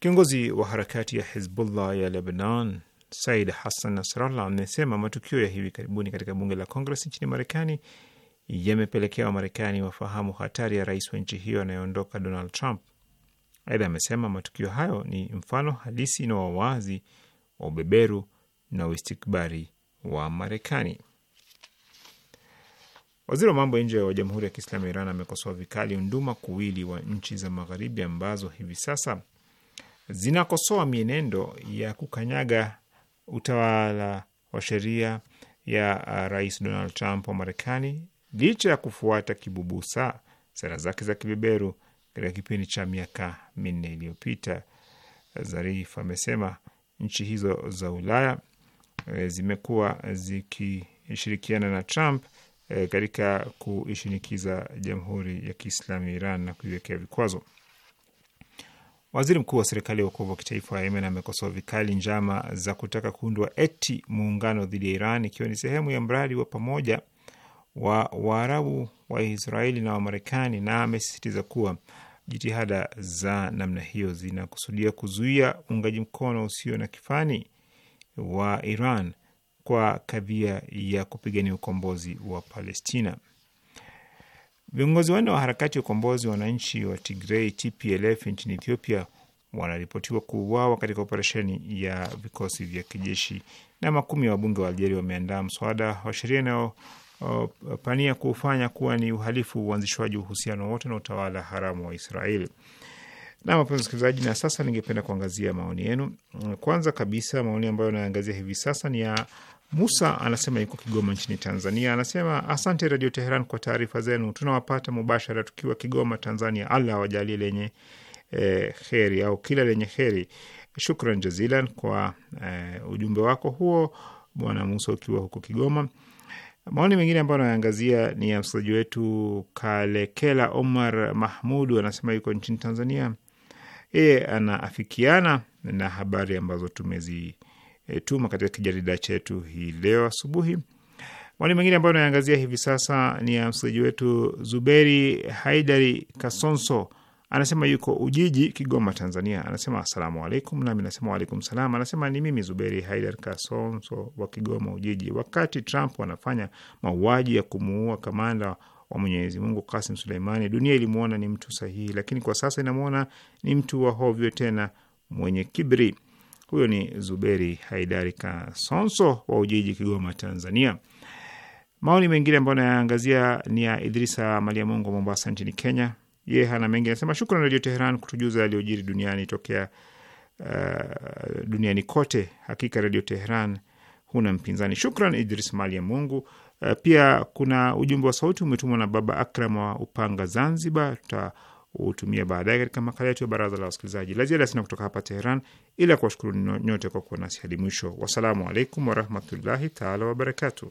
Kiongozi wa harakati ya Hizbullah ya Lebanon Said Hassan Nasrallah amesema matukio ya hivi karibuni katika bunge la Kongres nchini Marekani yamepelekea Wamarekani wafahamu hatari ya rais wa nchi hiyo anayeondoka Donald Trump. Aidha amesema matukio hayo ni mfano halisi na wawazi wa ubeberu na uistikbari wa Marekani. Waziri wa mambo ya nje wa Jamhuri ya Kiislamu ya Iran amekosoa vikali unduma kuwili wa nchi za Magharibi ambazo hivi sasa zinakosoa mienendo ya kukanyaga utawala wa sheria ya uh, Rais Donald Trump wa Marekani licha ya kufuata kibubusa sera zake za kibeberu katika kipindi cha miaka minne iliyopita. Zarif amesema nchi hizo za Ulaya e, zimekuwa zikishirikiana na Trump e, katika kuishinikiza Jamhuri ya Kiislamu ya Iran na kuiwekea vikwazo. Waziri mkuu wa serikali ya uokovu wa kitaifa wa Yemen amekosoa vikali njama za kutaka kuundwa eti muungano dhidi ya Iran ikiwa ni sehemu ya mradi wa pamoja wa Waarabu wa Israeli na Wamarekani, na amesisitiza kuwa Jitihada za namna hiyo zinakusudia kuzuia uungaji mkono usio na kifani wa Iran kwa kadhia ya kupigania ukombozi wa Palestina. Viongozi wanne wa harakati ya ukombozi wa wananchi wa Tigrei, TPLF, nchini Ethiopia wanaripotiwa kuuawa katika operesheni ya vikosi vya kijeshi, na makumi ya wabunge wa Algeria wameandaa mswada wa sheria wanaopania uh, kufanya kuwa ni uhalifu uanzishwaji uhusiano wote na utawala haramu wa Israel. Na wapenzi wasikilizaji, na sasa ningependa kuangazia maoni yenu. Kwanza kabisa maoni ambayo naangazia hivi sasa ni ya Musa, anasema yuko Kigoma nchini Tanzania. Anasema asante Radio Teheran kwa taarifa zenu, tunawapata mubashara tukiwa Kigoma, Tanzania. Allah wajalie lenye eh, heri au kila lenye heri. Shukran jazilan kwa eh, ujumbe wako huo, Bwana Musa, ukiwa huko Kigoma. Maoni mengine ambayo anaangazia ni ya msikilizaji wetu Kalekela Omar Mahmudu, anasema yuko nchini Tanzania. Yeye anaafikiana na habari ambazo tumezituma katika kijarida chetu hii leo asubuhi. Maoni mengine ambayo anaangazia hivi sasa ni ya msikilizaji wetu Zuberi Haidari Kasonso Anasema yuko Ujiji, Kigoma, Tanzania. Anasema asalamu alaikum, nami nasema waalaikum salam. Anasema ni mimi Zuberi Haidar Kasonso wa Kigoma, Ujiji. Wakati Trump anafanya mauaji ya kumuua kamanda wa Mwenyezi Mungu Kasim Suleimani, dunia ilimwona ni mtu sahihi, lakini kwa sasa inamwona ni mtu wa hovyo, tena mwenye kibri. Huyo ni Zuberi Haidari Kasonso wa Ujiji, Kigoma, Tanzania. Maoni mengine ambayo nayaangazia ni ya Idrisa Malia Mungu wa Mombasa nchini Kenya. Ye hana mengi, anasema shukran Radio Teheran kutujuza yaliyojiri duniani tokea uh, duniani kote. Hakika Radio Teheran huna mpinzani. Shukran Idris Mali ya Mungu. Uh, pia kuna ujumbe wa sauti umetumwa na Baba Akram wa Upanga, Zanzibar. Tutautumia baadaye katika makala yetu ya baraza la wasikilizaji. La ziada sina kutoka hapa Teheran, ila kuwashukuru nyote kwa kuwa nasi hadi mwisho. Wassalamu alaikum warahmatullahi taala wabarakatuh.